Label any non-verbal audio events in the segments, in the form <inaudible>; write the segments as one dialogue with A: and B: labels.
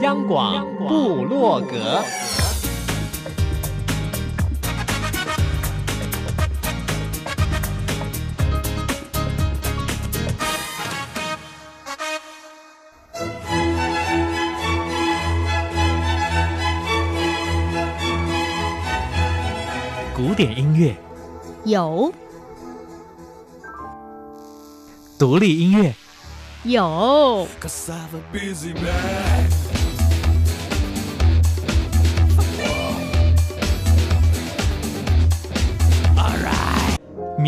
A: 央廣部落格，古典音樂有，獨立音樂有，有。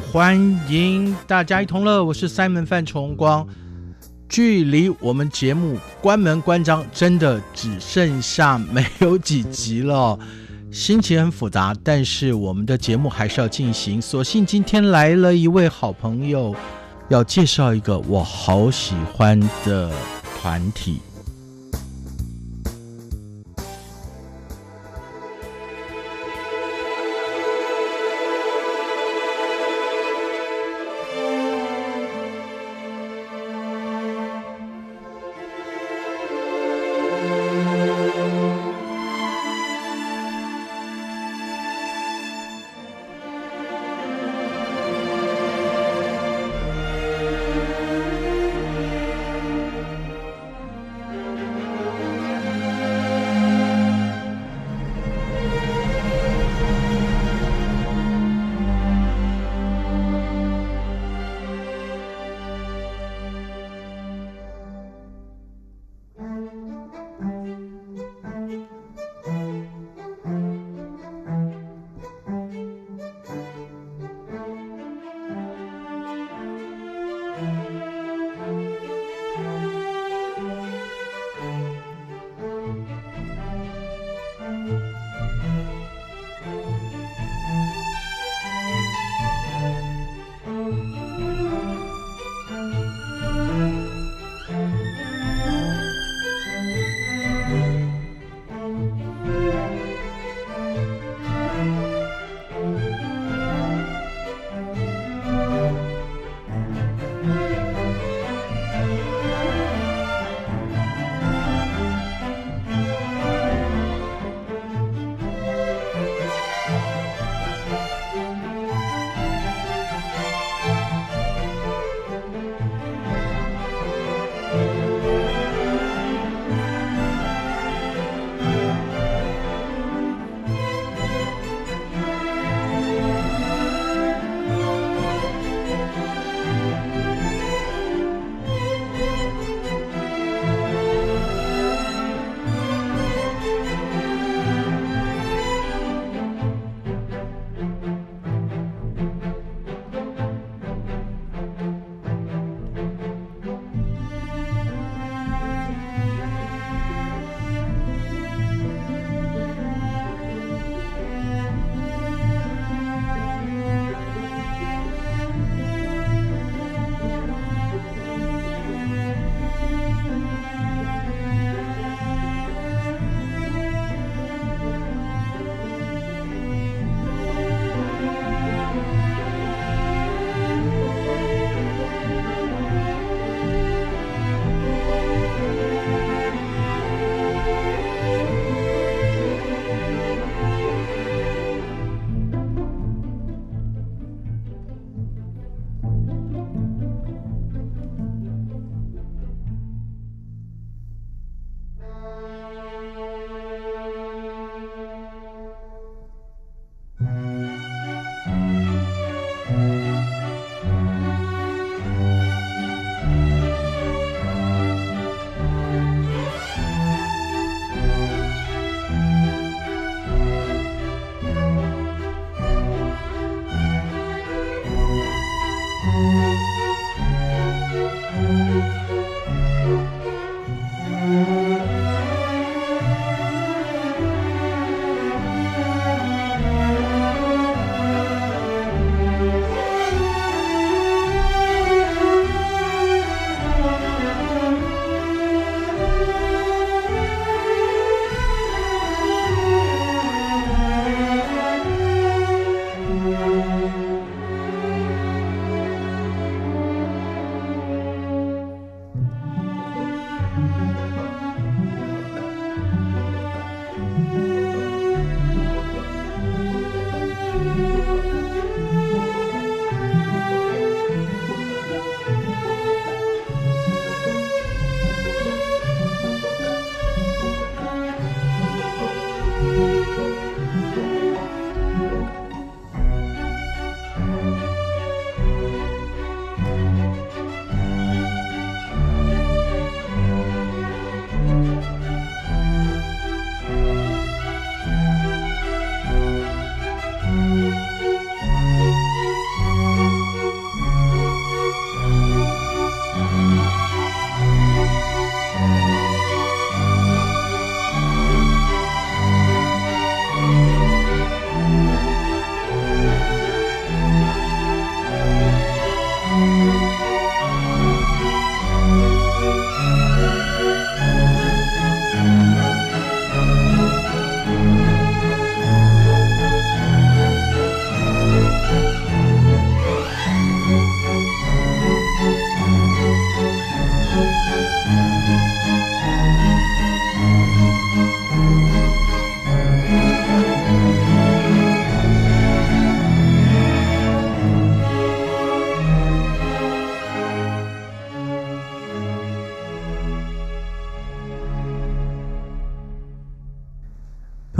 A: 歡迎大家一同樂，我是 Simon 范崇光。距離我們節目關門關張真的只剩下沒有幾集了，心情很複雜，但是我們的節目還是要進行。所幸今天來了一位好朋友，要介紹一個我好喜歡的團體。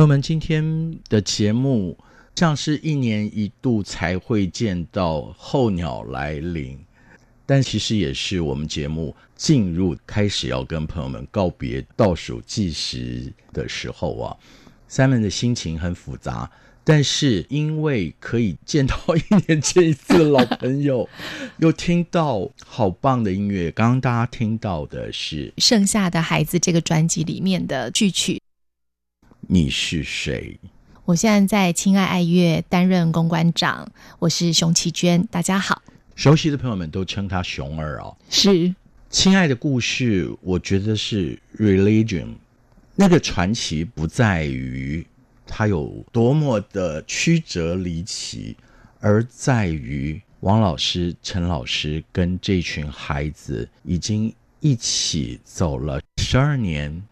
A: 朋友們，今天的節目像是一年一度才會見到候鳥來臨，但其實也是我們節目進入開始要跟朋友們告別倒數計時的時候啊。三人的心情很複雜，但是因為可以見到一年見一次的老朋友，又 <laughs> 聽到好棒的音樂，剛剛大家聽到的是《
B: 剩下的孩子》這個專輯裡面的序曲。
A: 你是誰？
B: 我現在在親愛愛樂擔任公關長，我是熊其娟。大家好，
A: 熟悉的朋友們都稱他熊二哦。是，親愛的故事，我覺得是 religion。那個傳奇不在於它有多麼的曲折離奇，而在於王老師、陳老師跟這群孩子已經一起走了十二年。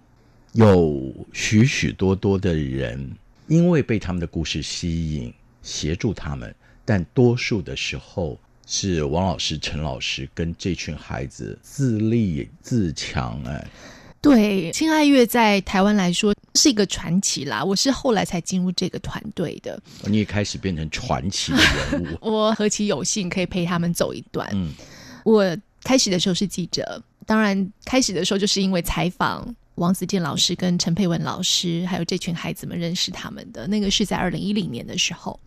A: 有許許多多的人因為被他們的故事吸引，協助他們，但多數的時候是王老師、陳老師跟這群孩子自立自強。哎，
B: 對，親愛愛樂在台灣來說是一個傳奇啦。我是後來才進入這個團隊的，
A: 你也開始變成傳奇的人物。
B: <laughs> 我何其有幸可以陪他們走一段。嗯，我開始的時候是記者，當然開始的時候就是因為採訪。王子健老師跟陳佩文老師，還有這群孩子們認識他們的那個是在二零一零年的時候。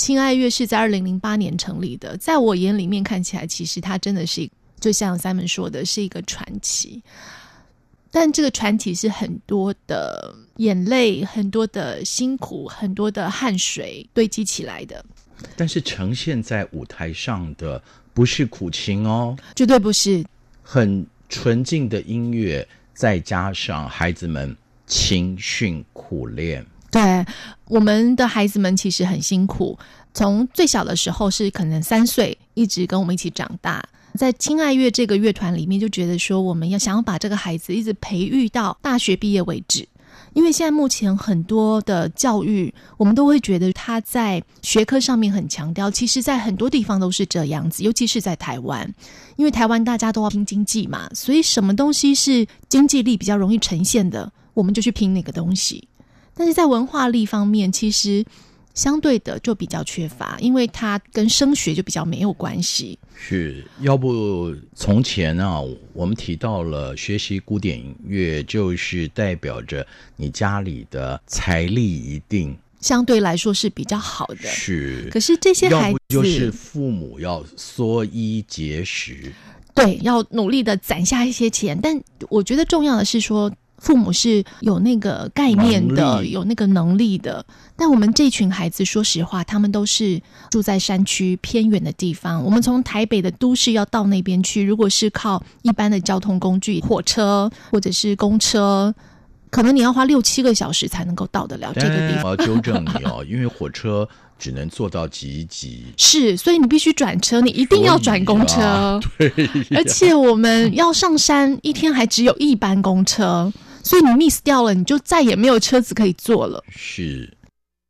B: 親愛月是在二零零八年成立的，在我眼裡面看起來，其實它真的是就像三 n 說的是一個傳奇，但這個傳奇是很多的眼淚、很多的辛苦、很多的汗水堆積起來的。
A: 但是呈現在舞台上的不是苦情哦，絕對不是，很純淨的音樂。再加上孩子們勤訓苦練，
B: 對我們的孩子們其實很辛苦。從最小的時候是可能三歲，一直跟我們一起長大，在親愛愛樂這個樂團裡面，就覺得說我們要想要把這個孩子一直培育到大學畢業為止。因為現在目前很多的教育，我們都會覺得它在學科上面很強調，其實在很多地方都是這樣子，尤其是在台灣，因為台灣大家都要拼經濟嘛，所以什麼東西是經濟力比較容易呈現的，我們就去拼那個東西。但是在文化力方面，其實。相對的就比較缺乏，因為它跟升學就比較沒有關係。
A: 是，要不從前啊，我們提到了學習古典音樂，就是代表着你家裡的財力一定
B: 相對來說是比較好的。
A: 是，可是這些孩子就是父母要縮衣節食，
B: 對、嗯，要努力的攢下一些錢。但我覺得重要的是說。父母是有那個概念的，有那個能力的，但我們這群孩子，說實話，他們都是住在山區偏遠的地方。我們從台北的都市要到那邊去，如果是靠一般的交通工具，火車或者是公車，可能你要花六七個小時才能夠到得了這個地方。 <laughs> 我要糾正你哦，
A: 因為火車只能坐到集集？
B: <laughs> 是，所以你必須轉車，你一定要轉公車。啊、
A: 對、啊，而且
B: 我們要上山，一天還只有一班公車。所以你 miss 掉了，你就再也沒有車子可以坐了。
A: 是，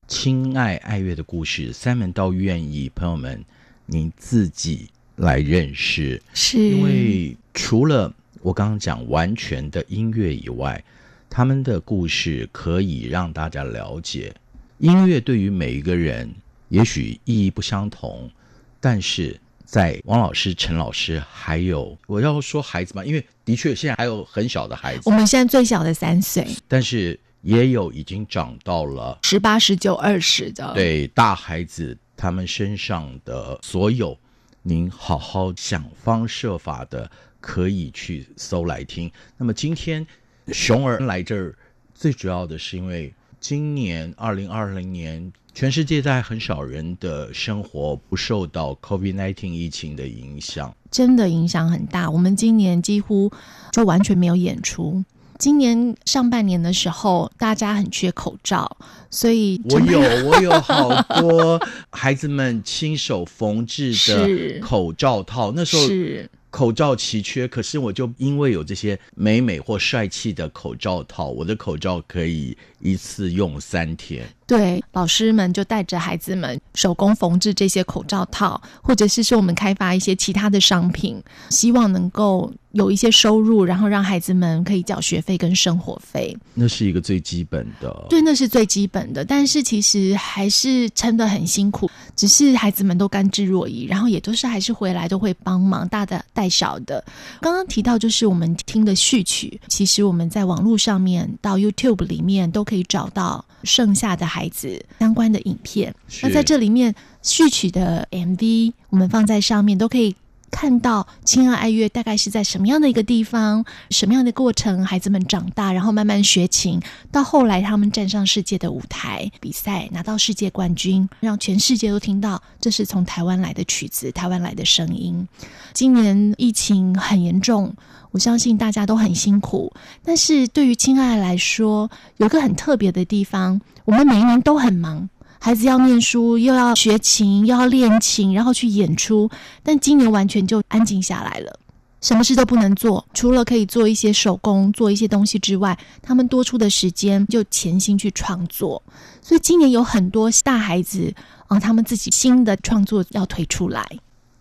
A: 親愛愛樂的故事，三門倒願意，朋友們，你自己來認識。是，因為除了我剛剛講完全的音樂以外，他們的故事可以讓大家了解，音樂對於每一個人也許意義不相同，但是。在王老師、陳老師，還有我要說孩子嗎？因為的確現在還有很小的孩子，我
B: 們現在最小的三歲，
A: 但是也有已經長到了
B: 十八、十九、二十的。
A: 對大孩子，他們身上的所有，您好好想方設法的可以去搜來聽。那麼今天熊兒來這兒，最主要的是因為今年二零二零年。全世界在很少人的生活不受到 COVID-19 疫情的影響，
B: 真的影響很大。我們今年幾乎就完全沒有演出。今年上半年的時候，大家很缺口罩，所以有我有我有好多
A: 孩子們親手縫製的口罩套。 <laughs> 那時候是口罩奇缺，可是我就因為有這些美美或帥氣的口罩套，我的口罩可以。一次用三天，
B: 對，老師們就帶着孩子們手工縫製這些口罩套，或者是說我們開發一些其他的商品，希望能夠有一些收入，然後讓孩子們可以繳學費跟生活費。
A: 那是一個最基本的，
B: 對，那是最基本的。但是其實還是撐得很辛苦，只是孩子們都甘之若飴，然後也都是還是回來都會幫忙大的帶小的。剛剛提到就是我們聽的序曲，其實我們在網絡上面到 YouTube 裡面都。可以找到剩下的孩子相關的影片，那在這裡面序曲的 MV，我們放在上面都可以，看到親愛愛樂大概是在什麼樣的一個地方，什麼樣的過程，孩子們長大，然後慢慢學琴，到後來他們站上世界的舞台比賽，拿到世界冠軍，讓全世界都聽到這是從台灣來的曲子，台灣來的聲音。今年疫情很嚴重，我相信大家都很辛苦。但是對於親愛來說，有個很特別的地方，我們每一年都很忙。孩子要念書，又要學琴，又要練琴，然後去演出。但今年完全就安靜下來了，什麼事都不能做，除了可以做一些手工、做一些東西之外，他們多出的時間就潛心去創作。所以今年有很多大孩子啊，他們自己新的創作要推出來。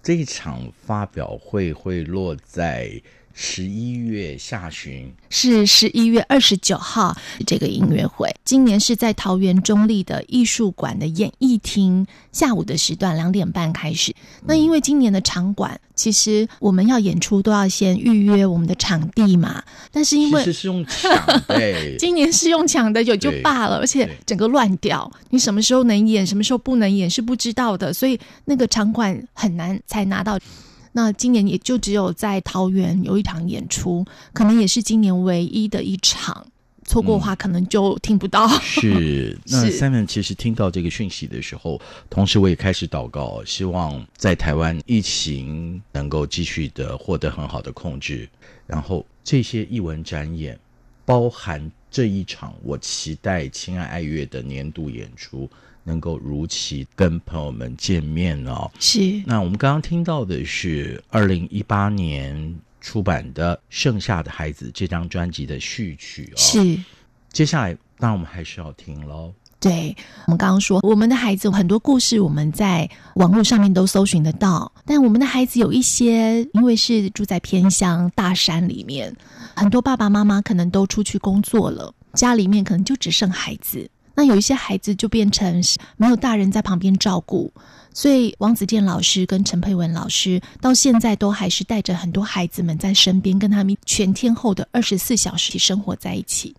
A: 這一場發表會會落在，十一月下旬，
B: 是十一月二十九號，這個音樂會。今年是在桃園中壢的藝術館的演藝廳，下午的時段兩點半開始。那因為今年的場館，其實我們要演出都要先預約我們的場地嘛。但是因為是用搶的，
C: <laughs>
B: 今年是用搶的，有就罷了。而且整個亂掉，你什麼時候能演，什麼時候不能演是不知道的，所以那個場館很難才拿到。那今年也就只有在桃園有一場演出，可能也是今年唯一的一場。嗯，錯過的話，可能就聽不到。是，那
A: Simon 其實聽到這個訊息的時候，同時我也開始禱告，希望在台灣疫情能夠繼續的獲得很好的控制。然後這些藝文展演，包含這一場，我期待親愛愛樂的年度演出，能夠如期跟朋友們見面哦，是。那我們剛剛聽到的是二零一八年出版的《剩下的孩子》這張專輯的序曲哦，是。接下來，那我們還是要聽嘍。
B: 對，我們剛剛說，我們的孩子有很多故事我們在網絡上面都搜尋得到，但我們的孩子有一些，因為是住在偏鄉大山裡面，很多爸爸媽媽可能都出去工作了，家裡面可能就只剩孩子。那有一些孩子就變成沒有大人在旁邊照顧，所以王子健老師跟陳佩文老師到現在都還是帶着很多孩子們在身邊，跟他們全天候的二十四小時生活在一起。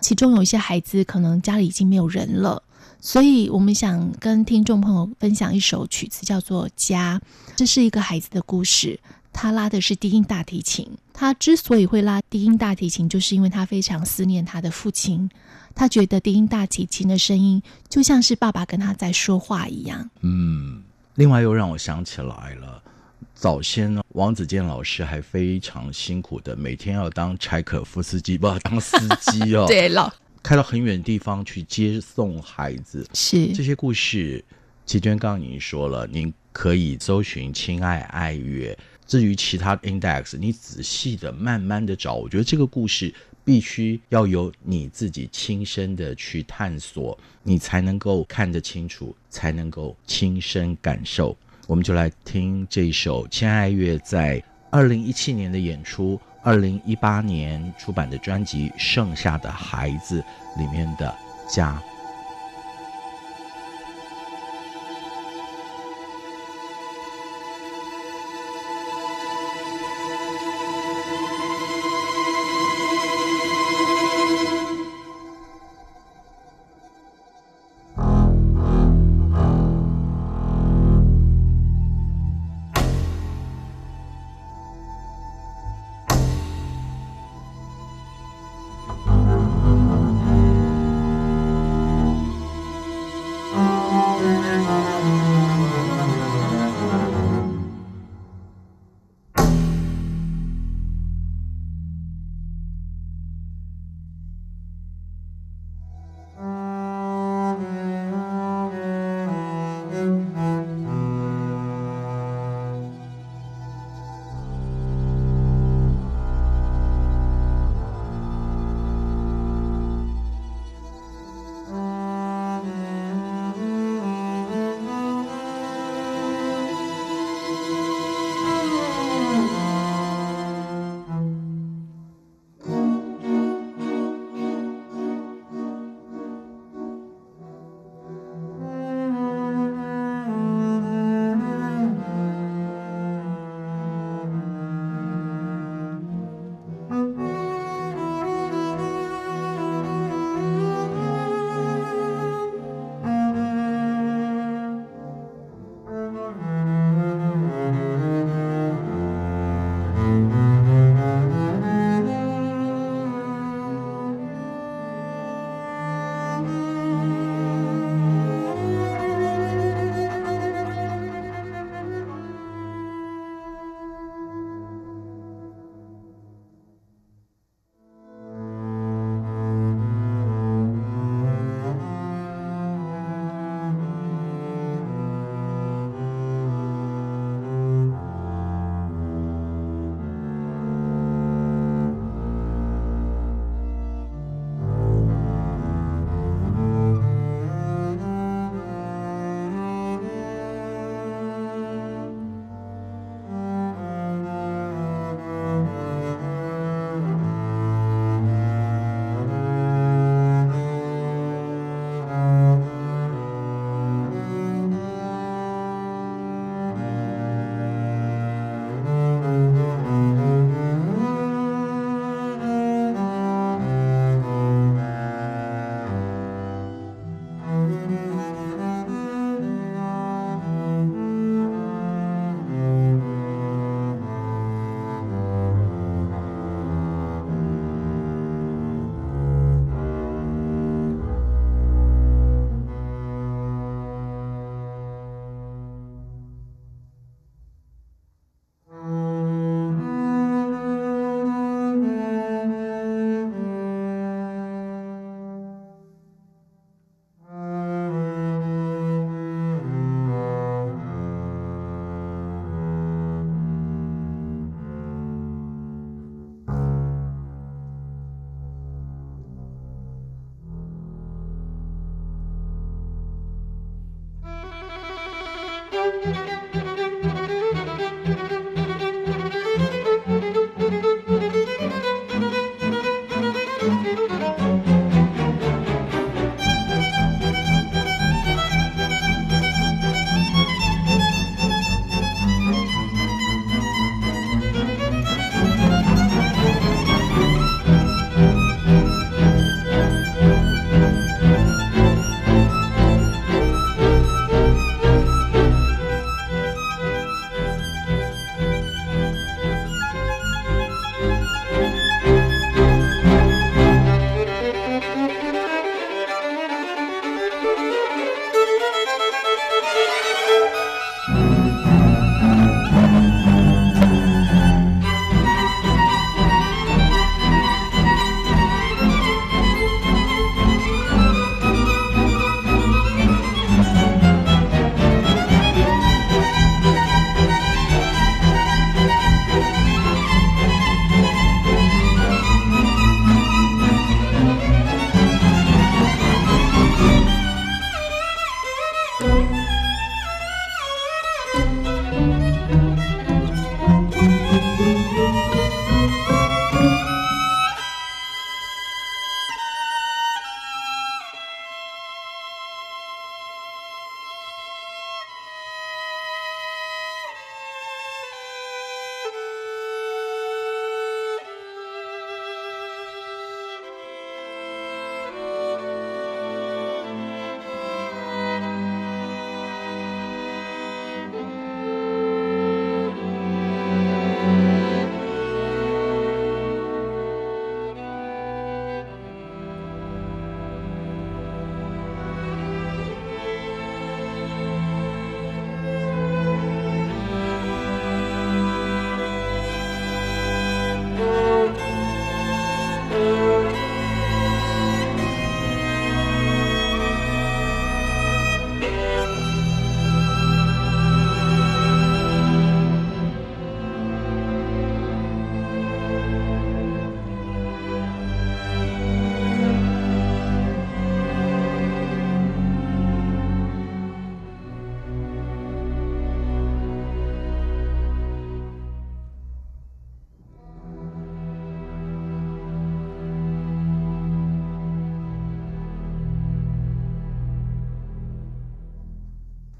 B: 其中有一些孩子可能家裡已經沒有人了，所以我們想跟聽眾朋友分享一首曲子，叫做《家》，這是一個孩子的故事，他拉的是低音大提琴。他之所以會拉低音大提琴，就是因為他非常思念他的父親。他覺得低音大提琴的聲音就像是爸爸跟他在說話一樣。嗯，
A: 另外又讓我想起來了，早先王子健老師還非常辛苦的每天要當柴可夫斯基， <laughs> 不，當司機哦， <laughs> 對了，開到很遠的地方去接送孩子。是這些故事，其娟剛剛已經說了，您。可以搜尋《親愛愛樂》，至於其他 index，你仔細的、慢慢的找。我覺得這個故事必須要有你自己親身的去探索，你才能夠看得清楚，才能夠親身感受。我們就來聽這一首《親愛樂》在二零一七年的演出，二零一八年出版的專輯《剩下的孩子》裡面的《家》。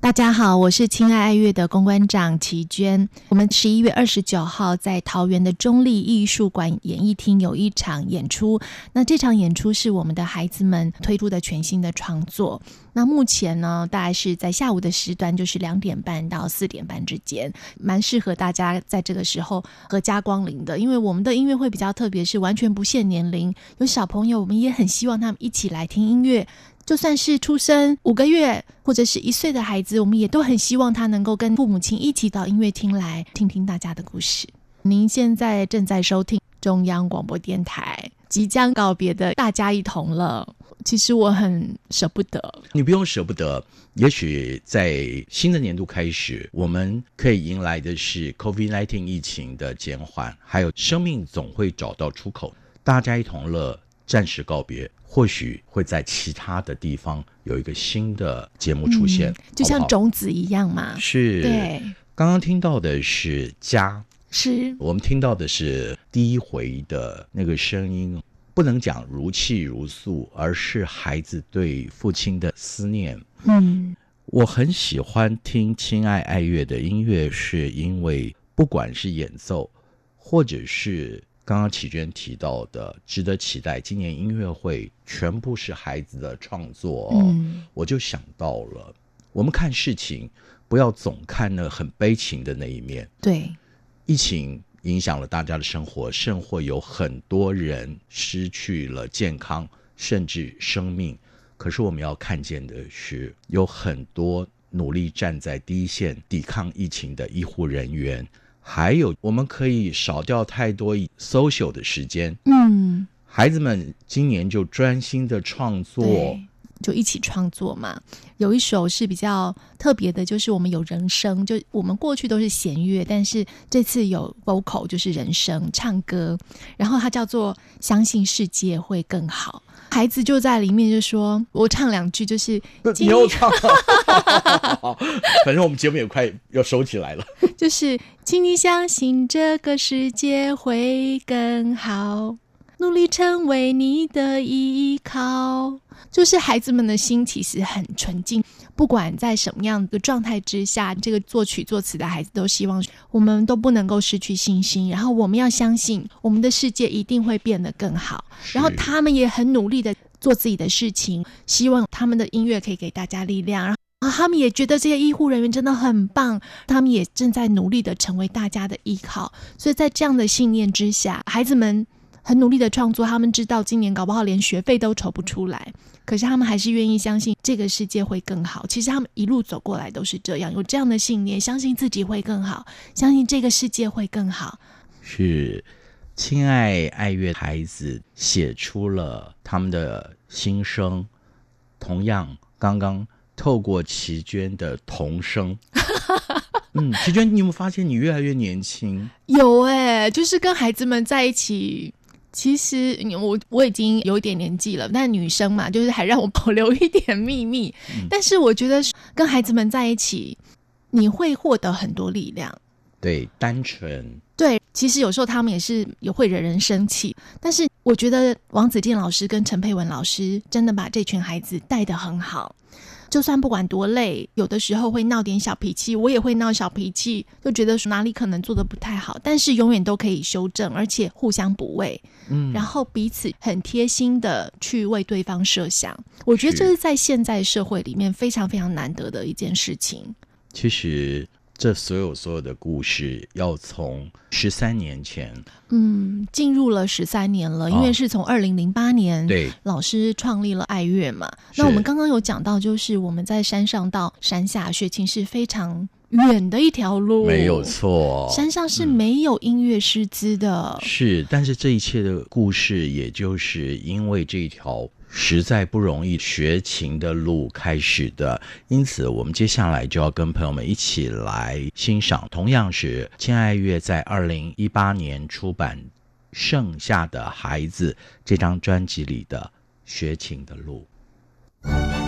B: 大家好，我是親愛愛樂的公關長其娟。我們十一月二十九號在桃園的中壢藝術館演藝廳有一場演出。那這場演出是我們的孩子們推出的全新的創作。那目前呢，大概是在下午的時段，就是兩點半到四點半之間，蠻適合大家在這個時候合家光臨的。因為我們的音樂會比較特別，是完全不限年齡，有小朋友，我們也很希望他們一起來聽音樂。就算是出生五個月或者是一歲的孩子，我們也都很希望他能夠跟父母親一起到音樂廳來聽聽大家的故事。您現在正在收聽中央廣播電台即將告別的《大家一同樂》，其實我很捨不得。
A: 你不用捨不得，也許在新的年度開始，我們可以迎來的是 COVID-19 疫情的減緩，還有生命總會找到出口，《大家一同樂》。暫時告別，或許會在其他的地方有一個新的節目出現，嗯，就像種
B: 子一樣嘛。是，
A: 對。剛剛聽到的是家，是我們聽到的是第一回的那個聲音，不能講如泣如訴，而是孩子對父親的思念。嗯，我很喜歡聽親愛愛樂的音樂，是因為不管是演奏，或者是。剛剛其娟提到的，值得期待。今年音樂會全部是孩子的創作。哦嗯，我就想到了，我們看事情不要總看那很悲情的那一面。對，疫情影響了大家的生活，甚或有很多人失去了健康，甚至生命。可是我們要看見的是，有很多努力站在第一線抵抗疫情的醫護人員。還有，我們可以少掉太多 social 的時間。
C: 嗯，
A: 孩子們今年就專心的創作。
B: 就一起創作嘛，有一首是比較特別的，就是我們有人聲，就我們過去都是弦樂，但是這次有 vocal，就是人聲唱歌，然後他叫做《相信世界會更好》，孩子就在裡面就說：“我唱兩句，就是你又唱。 <laughs> ” <laughs> 反正
A: 我們節目也快要收起來了，
B: 就是請你相信這個世界會更好。努力成為你的依靠，就是孩子們的心其實很純淨。不管在什麼樣的狀態之下，這個作曲作詞的孩子都希望，我們都不能夠失去信心。然後我們要相信，我們的世界一定會變得更好。然後他們也很努力的做自己的事情，希望他們的音樂可以給大家力量。然後他們也覺得這些醫護人員真的很棒，他們也正在努力的成為大家的依靠。所以在這樣的信念之下，孩子們。很努力的創作，他們知道今年搞不好連學費都籌不出來，可是他們還是願意相信這個世界會更好。其實他們一路走過來都是這樣，有這樣的信念，相信自己會更好，相信這個世界會更好。
A: 是，親愛愛樂孩子寫出了他們的心聲，同樣剛剛透過其娟的童聲， <laughs> 嗯，其娟，你有沒有發現你越來越年輕？
B: 有哎、欸，就是跟孩子們在一起。其實我我已經有點年紀了，但女生嘛，就是還讓我保留一點秘密，嗯。但是我覺得跟孩子們在一起，你會獲得很多力量。
A: 對，單純。
B: 對，其實有時候他們也是也會惹人，人生氣，但是我覺得王子健老師跟陳佩文老師真的把這群孩子帶得很好。就算不管多累，有的時候會鬧點小脾氣，我也會鬧小脾氣，就覺得說哪裡可能做得不太好，但是永遠都可以修正，而且互相補位，嗯，然後彼此很貼心的去為對方設想，我覺得這是在現在社會裡面非常非常難得的一件事情。
A: 其實。這所有所有的故事，要從十三年前，
B: 嗯，進入了十三年了，啊，因為是從二零零八年，對，老師創立了愛樂嘛。那我們剛剛有講到，就是我們在山上到山下學琴是非常遠的一條路，沒有錯哦。山上是沒有音樂師資的，
A: 嗯，是，但是這一切的故事，也就是因為這一條。實在不容易學琴的路開始的，因此我們接下來就要跟朋友們一起來欣賞，同樣是親愛愛樂在二零一八年出版《盛夏的孩子》這張專輯裡的《學琴的路》嗯。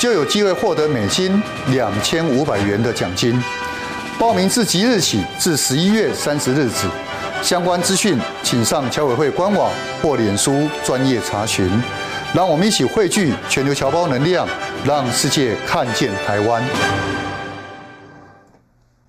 A: 就有機會獲得美金兩千五百元的獎金。報名自即日起至十一月三十日止，相關資訊請上僑委會官網或臉書專業查詢。讓我們一起匯聚全球僑胞能量，讓世界看見台灣。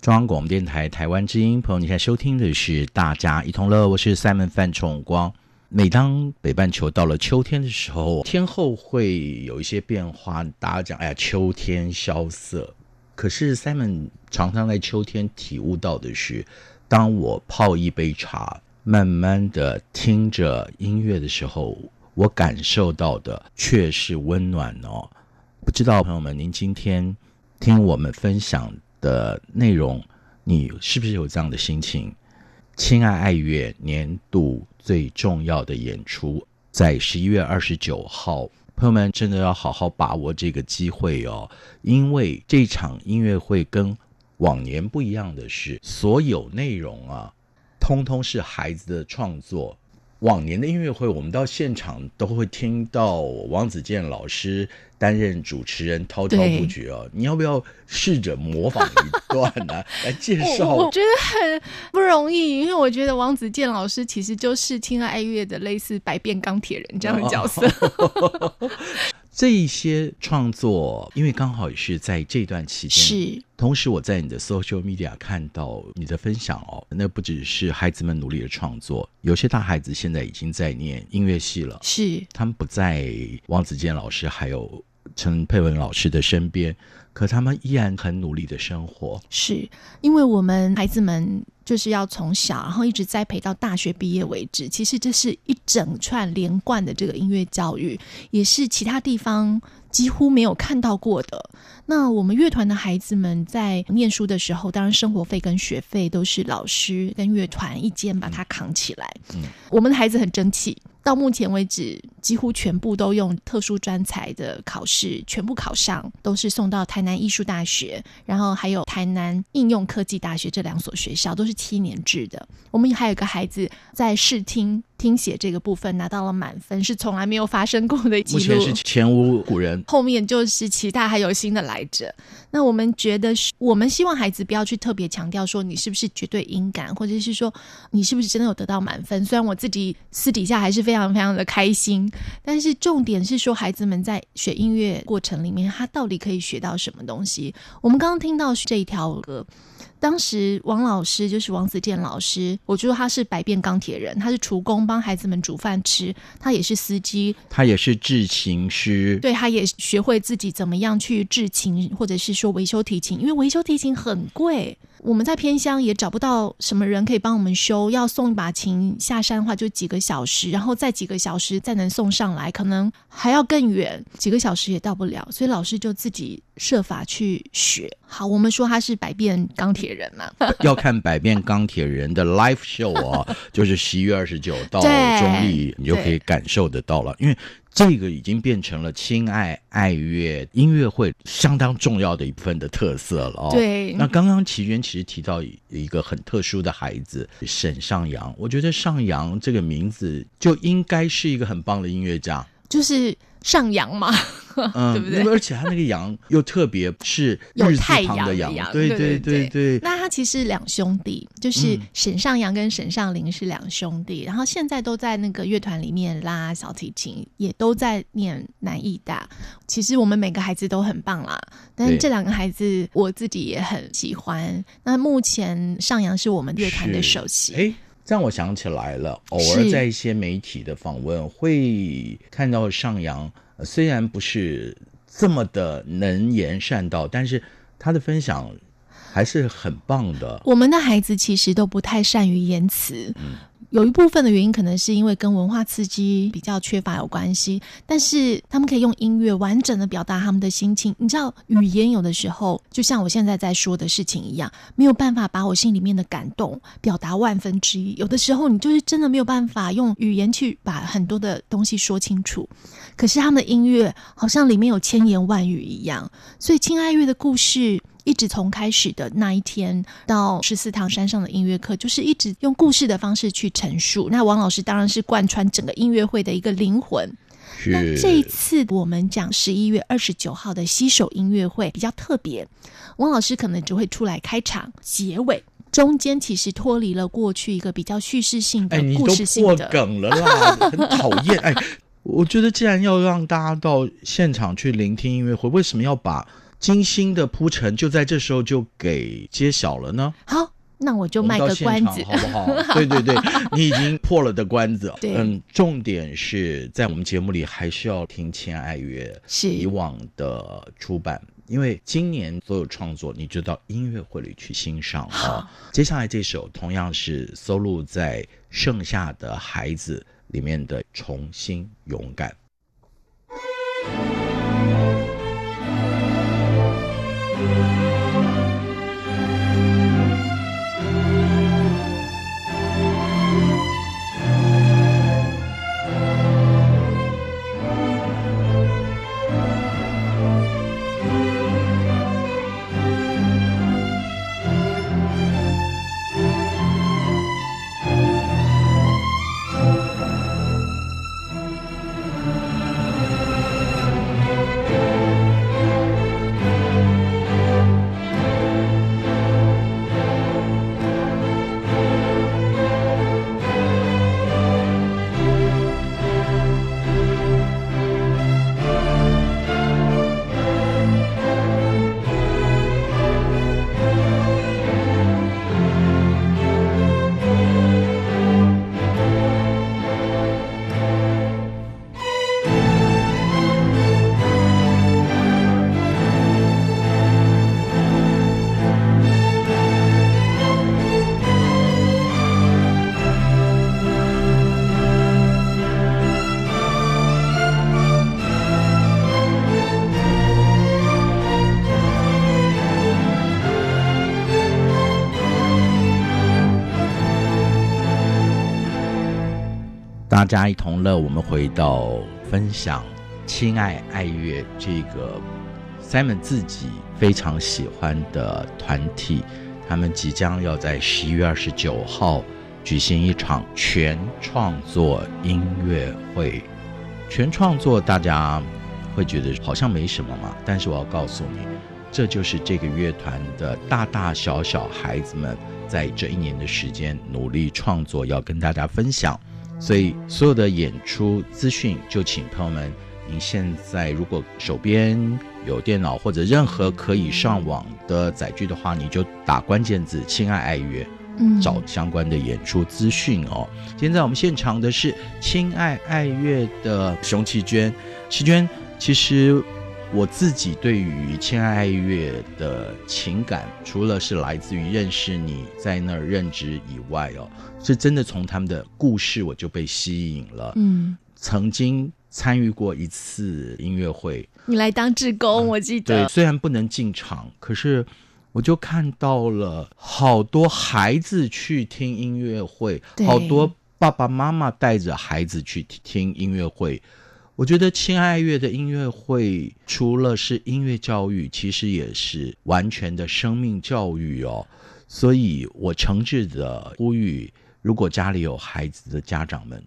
A: 中央廣播電台台灣之音，朋友，你現在收聽的是《大家一同樂》，我是 Simon 范崇光。每當北半球到了秋天的時候，天候會有一些變化。大家講，哎呀，秋天蕭瑟。可是 Simon 常常在秋天體悟到的是，當我泡一杯茶，慢慢的聽着音樂的時候，我感受到的卻是溫暖哦。不知道朋友們，您今天聽我們分享的內容，你是不是有這樣的心情？親愛愛樂年度最重要的演出，在十一月二十九號，朋友們真的要好好把握這個機會哦，因為這場音樂會跟往年不一樣的是，所有內容啊，通通是孩子的創作。往年的音樂會，我們到現場都會聽到王子健老師擔任主持人，滔滔不絕哦。你要不要試着模仿一段呢、啊？ <laughs> 來介紹，我
B: 覺得很不容易，因為我覺得王子健老師其實就是親愛愛樂的類似百變鋼鐵人這樣的角色。
A: 哦 <laughs> 這一些創作，因為剛好也是在這段期間，是。同時我在你的 social media 看到你的分享哦，那不只是孩子們努力的創作，有些大孩子現在已經在念音樂系了，是。他們不在王子建老師還有陳珮文老師的身邊，可他們依然很努力的生活，
B: 是因為我們孩子們。就是要從小，然後一直栽培到大學畢業為止。其實這是一整串連貫的這個音樂教育，也是其他地方幾乎沒有看到過的。那我們樂團的孩子們在念書的時候，當然生活費跟學費都是老師跟樂團一肩把它扛起來。嗯，我們的孩子很爭氣。到目前為止，幾乎全部都用特殊專才的考試，全部考上，都是送到台南藝術大學，然後還有台南應用科技大學這兩所學校，都是七年制的。我們還有一個孩子在試聽。聽寫這個部分拿到了滿分，是從來沒有發生過的一件事。目前是
A: 前無古人。
B: 後面就是其他還有新的來者。那我們覺得是，我們希望孩子不要去特別強調說你是不是絕對音感，或者是說你是不是真的有得到滿分。雖然我自己私底下還是非常非常的開心，但是重點是說孩子們在學音樂過程裡面，他到底可以學到什麼東西。我們剛剛聽到這一條歌。當時王老師就是王子健老師，我覺得他是百變鋼鐵人。他是廚工，幫孩子們煮飯吃；他也是司機，
A: 他也是製琴師。對，
B: 他也學會自己怎麼樣去製琴，或者是說維修提琴，因為維修提琴很貴。我們在偏鄉也找不到什麼人可以幫我們修。要送一把琴下山的話，就幾個小時，然後再幾個小時再能送上來，可能還要更遠，幾個小時也到不了。所以老師就自己設法去學。好，我們說他是百變鋼鐵人嘛，要看
A: 百變鋼鐵人的 live show 啊， <laughs> 就是十一月二十九到中壢，你就可以感受得到了。因為這個已經變成了親愛愛樂音樂會相當重要的一部分的特色了哦。對，那剛剛其娟其實提到一個很特殊的孩子，沈上揚，我覺得上揚這個名字就應該是一個很棒的音樂家，
B: 就是。上陽嘛，嗯、 <laughs> 對不對？而
A: 且他那個陽又特別是日字旁的陽，
B: 對對對對，對。那他其實兩兄弟，就是沈上陽跟沈上林是兩兄弟，嗯，然後現在都在那個樂團裡面拉小提琴，也都在念南藝大。其實我們每個孩子都很棒啦，但是這兩個孩子我自己也很喜歡。那目前上陽是我們樂團的
A: 首席。這樣我想起來了，偶爾在一些媒體的訪問會看到上揚，呃，雖然不是這麼的能言善道，但是他的分享還是很棒的。
B: 我們的孩子其實都不太善於言辭。嗯有一部分的原因可能是因為跟文化刺激比較缺乏有關係，但是他們可以用音樂完整的表達他們的心情。你知道，語言有的時候就像我現在在說的事情一樣，沒有辦法把我心裡面的感動表達萬分之一。有的時候，你就是真的沒有辦法用語言去把很多的東西說清楚。可是他們的音樂好像裡面有千言萬語一樣，所以親愛愛樂的故事。一直從開始的那一天到十四堂山上的音樂課，就是一直用故事的方式去陳述。那王老師當然是貫穿整個音樂會的一個靈魂。
C: 那這一
B: 次我們講十一月二十九號的洗手音樂會比較特別，王老師可能就會出來開場、結尾，中間其實脫離了過去一個比較敘事性的、
A: 故事性的、哎、破梗了啦， <laughs>
C: 很討
A: 厭。哎，我覺得既然要讓大家到現場去聆聽音樂會，為什麼要把？精心的鋪陳，就在這時候就給揭曉了呢。
B: 好，那我就賣個關子，好不好？ <laughs> 對對對， <laughs>
A: 你已經破了的關子。 <laughs> 對嗯，重點是在我們節目裡還是要聽《親愛愛樂》以往的出版，因為今年所有創作你就到音樂會裡去欣賞。好，接下來這首同樣是收錄在《剩下的孩子》裡面的《重新勇敢》。大家一同樂，我們回到分享。親愛愛樂這個 Simon 自己非常喜歡的團體，他們即將要在十一月二十九號舉行一場全創作音樂會。全創作大家會覺得好像沒什麼嘛，但是我要告訴你，這就是這個樂團的大大小小孩子們在這一年的時間努力創作，要跟大家分享。所以，所有的演出資訊就請朋友們，您現在如果手邊有電腦或者任何可以上網的載具的話，你就打關鍵字“親愛愛樂”，嗯，找相關的演出資訊哦。嗯。現在我們現場的是“親愛愛樂”的熊其娟，其娟，其娟其實。我自己對於親愛愛樂的情感，除了是來自於認識你在那兒任職以外，哦，是真的從他們的故事我就被吸引了。嗯，曾經參與過一次音樂會，
B: 你來當志工，嗯、我記得。對，雖
A: 然不能進場，可是我就看到了好多孩子去聽音樂會，好多爸爸媽媽帶着孩子去聽音樂會。我覺得親愛樂的音樂會除了是音樂教育，其實也是完全的生命教育哦。所以，我誠摯的呼籲，如果家裡有孩子的家長們，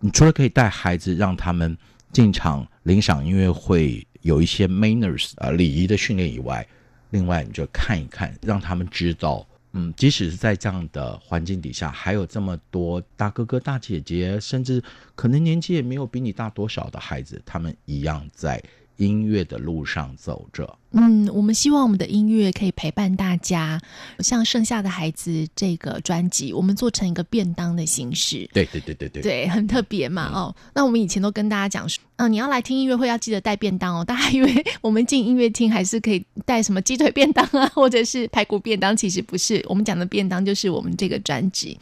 A: 你除了可以帶孩子讓他們進場聆賞音樂會，有一些 manners 啊、呃、禮儀的訓練以外，另外你就看一看，讓他們知道。嗯，即使是在這樣的環境底下，還有這麼多大哥哥、大姐姐，甚至可能年紀也沒有比你大多少的孩子，他們一樣在音樂的路上走着。
B: 嗯，我們希望我們的音樂可以陪伴大家。像《剩下的孩子》這個專輯，我們做成一個便當的形式。對對
A: 對對對，對，很
B: 特別嘛。哦，那我們以前都跟大家講說，嗯，你要來聽音樂會要記得帶便當哦。大家以為我們進音樂廳還是可以帶什麼雞腿便當啊，或者是排骨便當？其實不是，我們講的便當就是我們這個專輯。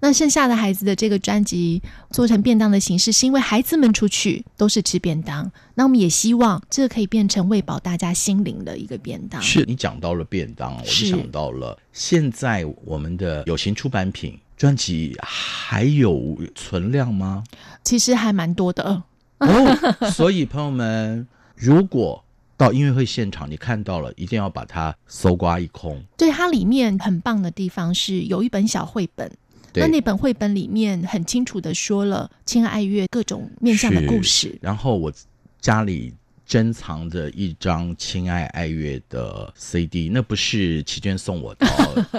B: 那《剩下的孩子》的這個專輯做成便當的形式，是因為孩子們出去都是吃便當，那我們也希望這可以變成餵飽大家心的一個便當是，
A: 你講到了便當，我就想到了現在我們的有形出版品專輯還有存量嗎？
B: 其實還蠻多的。哦，
A: 所以朋友們， <laughs> 如果到音樂會現場，你看到了，一定要把它搜刮一空。
B: 對，它裡面很棒的地方是有一本小繪本，那那本繪本裡面很清楚的說了《親愛樂》各種面向的故事。
A: 然後我家裡，珍藏着一張《親愛愛樂》的 CD，那不是其娟送我的，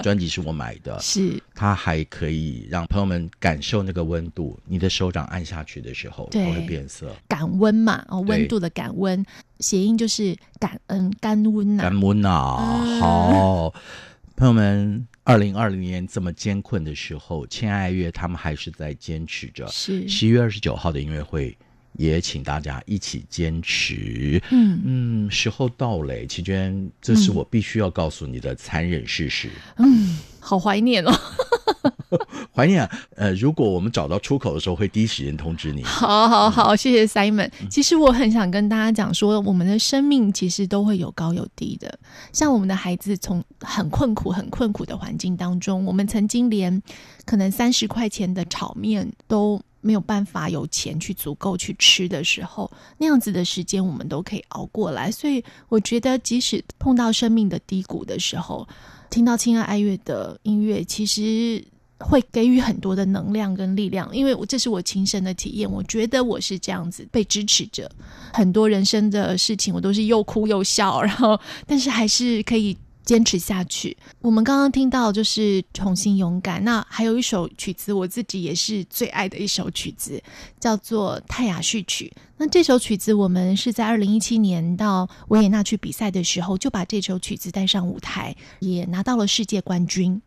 A: 專 <laughs> 輯是我買的。 <laughs> 是，它還可以讓朋友們感受那個溫度。你的手掌按下去的時候，對，它會變色。感
B: 溫嘛，哦，溫度的感溫，諧音就是感恩。感恩吶、啊，感
A: 恩吶。好， <laughs> 朋友們，二零二零年這麼艱困的時候，親愛樂他們還是在堅持着。是，十一月二十九號的音樂會。也請大家一起堅持。嗯嗯，時候到了、欸，其娟，這是我必須要告訴你的殘忍事實。
B: 嗯，嗯好懷念哦。 <laughs>
A: 懷 <laughs> 念、啊、呃，如果我們找到出口的時候，會第一時間通知你。好，
B: 好，好、嗯，好，好，謝謝 Simon。其實我很想跟大家講說、嗯，我們的生命其實都會有高有低的。像我們的孩子，從很困苦、很困苦的環境當中，我們曾經連可能三十塊錢的炒麵都沒有辦法有錢去足夠去吃的時候，那樣子的時間，我們都可以熬過來。所以我覺得，即使碰到生命的低谷的時候，聽到親愛愛樂的音樂，其實。會給予很多的能量跟力量，因為我這是我親身的體驗，我覺得我是這樣子被支持着。很多人生的事情，我都是又哭又笑，然後但是還是可以堅持下去。我們剛剛聽到就是重新勇敢，那還有一首曲子，我自己也是最愛的一首曲子，叫做《泰雅序曲》。那這首曲子，我們是在二零一七年到維也納去比賽的時候，就把這首曲子帶上舞台，也拿到了世界冠軍。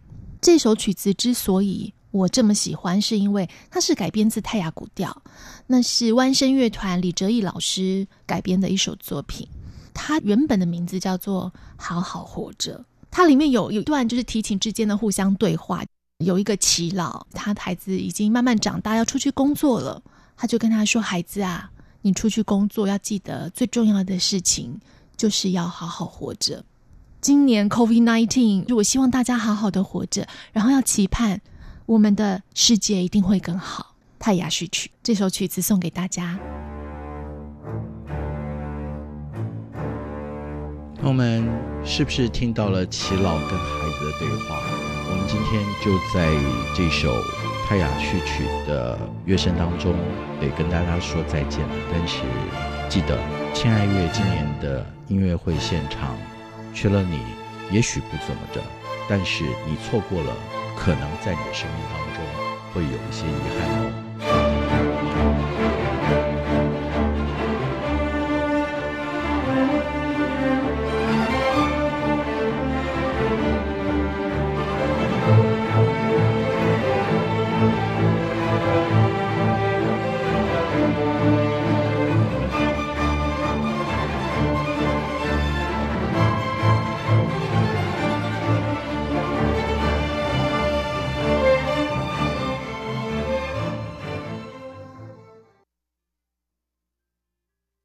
B: 這首曲子之所以我這麼喜歡，是因為它是改編自泰雅古調，那是灣聲樂團李哲藝老師改編的一首作品。它原本的名字叫做《好好活着》，它裡面有有一段就是提琴之間的互相對話，有一個耆老，他的孩子已經慢慢長大，要出去工作了，他就跟他說：“孩子啊，你出去工作要記得最重要的事情，就是要好好活着。”今年 COVID-19，我希望大家好好的活着，然後要期盼我們的世界一定會更好。《泰雅序曲》這首曲子送給大家。
A: 我們是不是聽到了耆老跟孩子的對話？我們今天就在這首《泰雅序曲》的樂聲當中，得跟大家說再見了。但是記得，親愛愛樂今年的音樂會現場。缺了你，也許不怎麼着，但是你錯過了，可能在你的生命當中會有一些遺憾。